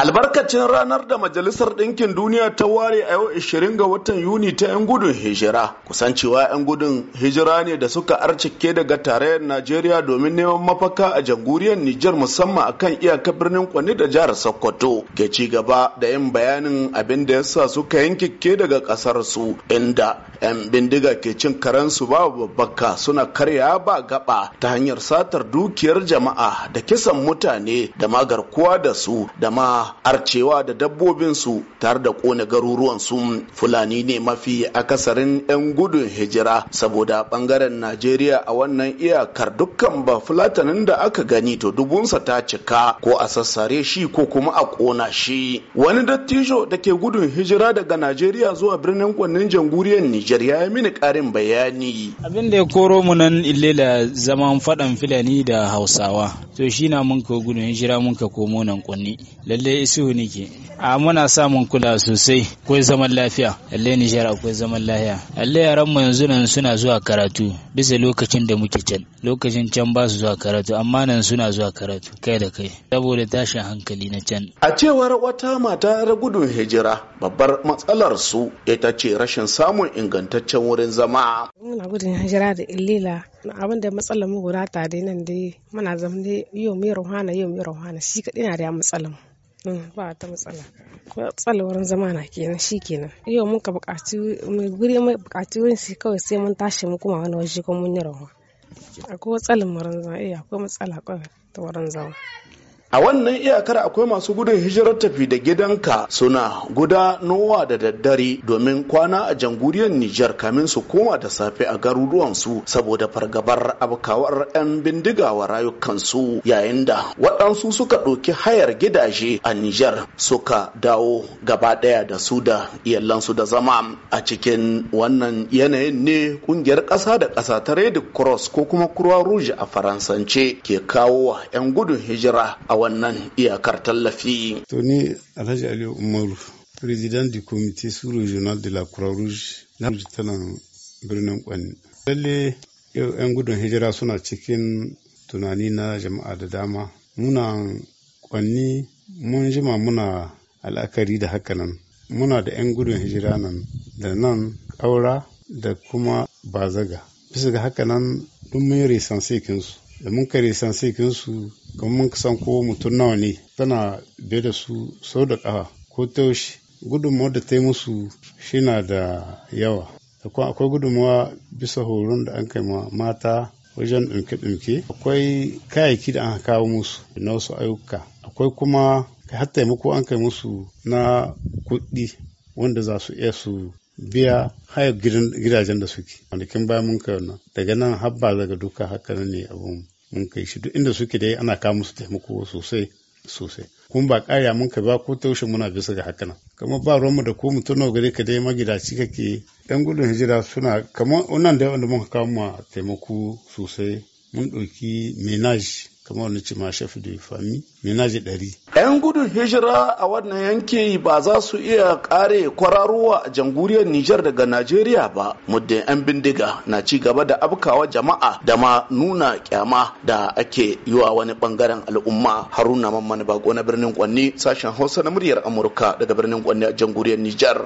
albarkacin ranar da majalisar ɗinkin duniya ta ware a yau 20 ga watan yuni ta 'yan gudun hijira cewa 'yan gudun hijira ne da suka arcike daga tarayyar najeriya domin neman mafaka a jamhuriyar nijar musamman a kan iyaka birnin kwani da jihar sokoto ke ci gaba da yin bayanin abin da yasa suka yankike daga ƙasar su inda 'yan bindiga ke cin karensu ba babbaka suna karya ba gaba ta hanyar satar dukiyar jama'a da kisan mutane da ma da su da ma arcewa da dabbobinsu tare da garuruwan su fulani ne mafi akasarin 'yan gudun hijira saboda ɓangaren najeriya a wannan iyakar dukkan ba fulatanin da aka gani to dubunsa ta cika ko a sassare shi ko kuma a ƙona shi wani dattijo da ke gudun hijira daga najeriya zuwa birnin kwannin jamhuriyar nijar ya yi mini ƙarin bayani abin da ya koro mu nan illela zaman faɗan fulani da hausawa to shi na mun ka gudun hijira mun ka komo nan kwanni lalle Sale Isuhu A muna samun kula sosai, akwai zaman lafiya, allai Nijar akwai zaman lafiya. allai yaran mu yanzu nan suna zuwa karatu bisa lokacin da muke can. Lokacin can ba su zuwa karatu amma nan suna zuwa karatu kai da kai saboda tashin hankali na can. A cewar wata mata ta gudun hijira babbar matsalar su ita ce rashin samun ingantaccen wurin zama. Muna gudun hijira da illila abin da matsalar mu guda ta dai nan dai muna zama dai yau mai ruhana yau mai ruhana shi kaɗai na da matsalar mu. Mm, ba ta matsala ko tsalwarin zama na kenan shi kenan yau mun ka bukaci guri mai bukaci wurin sai kawai sai mun tashi mu kuma wani waje kuma mun yi rawa akwai matsalar wurin zama eh akwai matsala kawai ta wurin zama a wannan iyakar akwai masu gudun hijirar tafi da gidanka suna gudanowa da daddare domin kwana a jamhuriyar Nijar kamin su koma da safe a garuruwansu saboda fargabar abkawar 'yan bindiga wa rayukansu yayin da waɗansu suka ɗauki hayar gidaje a Nijar suka dawo gaba ɗaya da su da iyalansu da zama a cikin wannan yanayin ne ƙungiyar ƙasa da ƙasa ta Red Cross ko kuma Croix Rouge a Faransance ke kawo wa 'yan gudun hijira a wannan iyakar tallafi. To ni Alhaji Aliyu Umaru, President du Comité sous Regional de la Croix-Rouge na tana birnin Kwani. Lalle yau 'yan gudun hijira suna cikin tunani na jama'a da dama. Muna Kwani mun jima muna al'akari da hakanan. Muna da 'yan gudun hijira nan da nan ƙaura da kuma bazaga. Bisa ga hakanan duk mun yi resansikinsu. Da mun ka resansikinsu domin san ko mutum nawa ne tana biye da su sau da ƙafa ko yaushe gudunmawar da ta yi musu shi na da yawa akwai akwai gudunmawa bisa horon da an kai ma mata wajen ɗumke-ɗumke akwai kayayyaki da an kawo musu na wasu ayyuka akwai kuma har taimako an kai musu na kuɗi wanda za su iya su biya hayar gidajen da suke kin bayan mun kai daga nan habba daga duka haka ne abun mun kai shi duk inda suke yi ana kawo musu taimako sosai sosai kun ba ƙarya mun ka ba ko taushe muna bisa ga hakanan kama ba ruwanmu da ko mutum nawa gare ka dai magidaci kake yan gudun hijira suna kamar wannan da yawan da muka kawo ma taimako sosai mun ɗauki menage kamar wani ce shafi da fami minaji ɗari. yan gudun hijira a wannan yanki ba za su iya ƙare kwararowa a janguriyar nijar daga najeriya ba muddin yan bindiga na ci gaba da abkawa jama'a da ma nuna kyama da ake yi wa wani ɓangaren al'umma haruna mamman bako na birnin kwanni sashen hausa na muryar amurka daga birnin kwanni a jamhuriyar nijar.